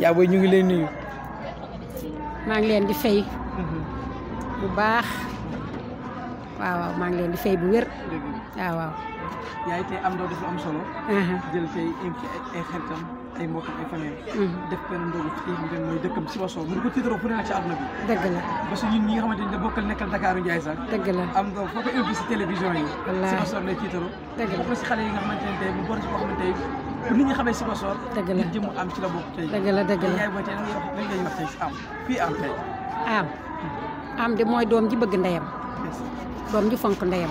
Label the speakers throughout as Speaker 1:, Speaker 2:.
Speaker 1: yaa booy ñu ngi
Speaker 2: lay leen di fay. Mm-hmm. bu baax waaw waaw maa ngi leen di fay bu wér
Speaker 1: waaw waaw. yaay tey am ndaw dafa am solo. Uh-huh. jël tey ay xaritam ay mbokkam ay famille. Uh-huh. def benn ndogu fii xam ne mooy dëkkam si Sibassor mu di ko tiitaroo fu ne ci àdduna bi. dëgg la parce que ñun ñi nga xamante ne bokkal nekkal Dakaaru Njaay sax. dëgg la am ndaw foo ko invité si télévision yi. wallaahi Sibassor lay tiitaroo. dëgg la si xale yi nga xamante ne tey bu bor si boo xamante ne pour nit ñi xamee Sibassor. dëgg la jëmm am ci la bokk tey. dëgg la dëgg la yaay booy tey lan ngay wax tey si am fii am tey.
Speaker 2: am am de mooy doom ji bëgg ndeyam. doom ji fonk ndeyam.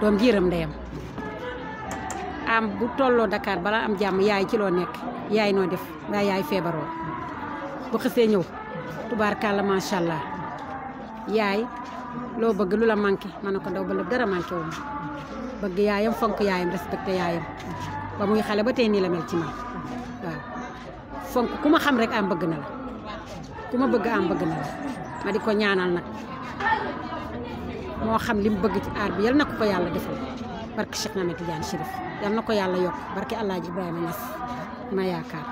Speaker 2: doom ji yërëm ndeyam am bu tolloo Dakar balaa am jàmm yaay ci loo nekk yaay noo def ndax yaay feebaroo bu xësee ñëw tubaarkàlla macha allah yaay loo bëgg lu la manqué ma ne ko ndaw ba la dara manqué wu bëgg yaayam fonk yaayam respecté yaayam ba muy xale ba tey nii la mel ci man waaw ku ma xam rek am bëgg na la ku ma bëgg am bëgg na la ma di ko ñaanal nag moo xam li mu bëgg ci aar bi yal na ko ko yàlla defal barke Cheikh Ahmed Tidiane Chérif yal na ko yàlla yokk barke El Hadj Ibrahima Niass ma yaakaar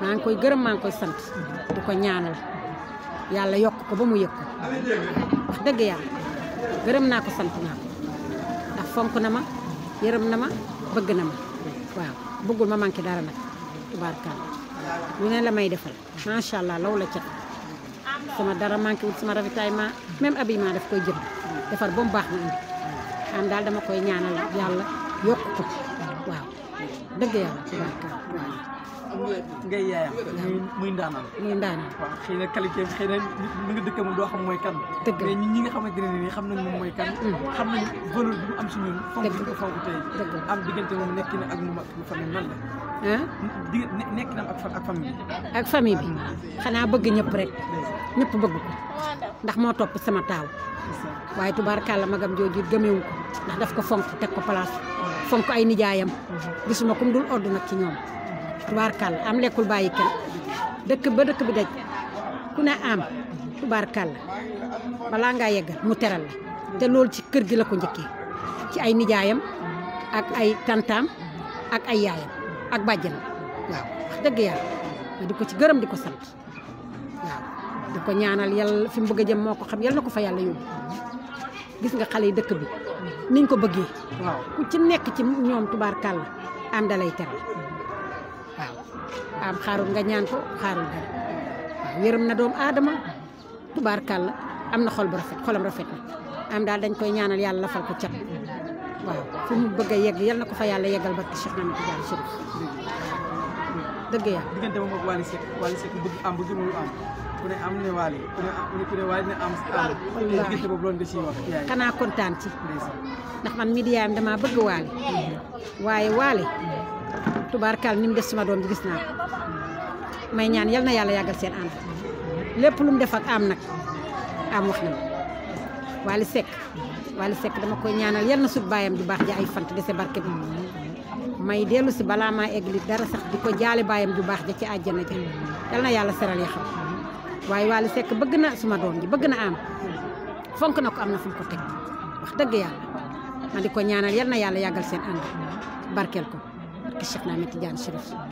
Speaker 2: maa ngi koy gërëm maa ngi koy sant di ko ñaanal yàlla yokk ko ba mu yëg ko wax dëgg yàlla gërëm naa ko sant naa ndax fonk na ma yërëm na ma bëgg na ma waaw bëggul ma manqué dara nag lu ne la may defal macha allah law la cat. sama dara manqué wul sama ravitaillement même habillement daf koy jënd defar ba mu baax na indi am daal dama koy ñaanal yàlla yokk ko waaw
Speaker 1: dëgg yàlla ci barka ngay yaayam muy ndaanaan muy ndaanaan waaw xëy na qualité xëy na mi nga dëkk moom doo xam mooy kan mais ñun ñi nga xam mooy kan mm. xam nañ valeur am si ñun fonk ko fonk tey am diggante moom nekk na ak moom ak famille nan la di nekk bi xanaa bëgg ñëpp rek
Speaker 2: ñëpp bëgg moo topp sama taaw waaye tubaarkàlla magam jooju gëmewu ko ndax daf ko fonk teg ko place fonk ay nijaayam mm-hmm. gisuma kum dul odd nag ci ñoom tubaarkàll am lekkul bàyyi kenn dëkk ba dëkk bi daj ku ne am tubaarkàll balaa ngaa yeggal mu teral la te loolu ci kër gi la ko njëkkee ci ay nijaayam ak ay tantaam ak ay yaayam ak bàjjen waaw dëgg yàlla ma di ko ci gërëm di ko sant waaw di ko ñaanal yàlla fi mu bëgg jëm moo ko xam yàlla na ko fa yàlla yóbbu gis nga xale yi dëkk bi niñ ko bëggee waaw ku ci nekk ci ñoom tubaarkàll am dalay teral am xaarul nga ñaan ko xaarul dara yërëm na doomu aadama tubaarkàlla am na xol bu rafet xolam rafet na am daal dañ koy ñaanal yàlla lafal ko cat waaw fu mu bëgg a yegg yal na ko fa yàlla yeggal barke Cheikh Naam Tidiane
Speaker 1: dëgg yàlla. diggante moom ak am mu am ku ne am ne Wally ku xanaa kontaan
Speaker 2: ci. ndax man midiyaam damaa bëgg Wally mm-hmm. waaye Wally tubaarkaal ni mu def sama doom ji gis naa ko may ñaan yal na yàlla yàggal seen ànd lépp lu mu def am nag am wax na ma Wally Seck Wally Seck dama koy ñaanal yal na sut baayam ju baax ja ay fant dese barke bi may dellu si balaa maa egg dara sax di ko jaale baayam ju baax ja ci àjjana ja yal na yàlla seral ya xam waaye Wally sekk bëgg na suma doom ji bëgg na am fonk na ko am na fu ko teg wax dëgg yàlla ma di ko ñaanal yal na yàlla yàggal seen ànd barkeel ko barke Cheikh naa Mati Diagne Chérif waaw.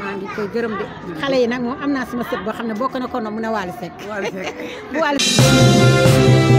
Speaker 1: maa ngi koy gërëm de xale yi
Speaker 2: nag moom am naa sama sët boo xam ne bokk na ko noonu mun a Waly Seck. Waly Seck bu Waly Seck.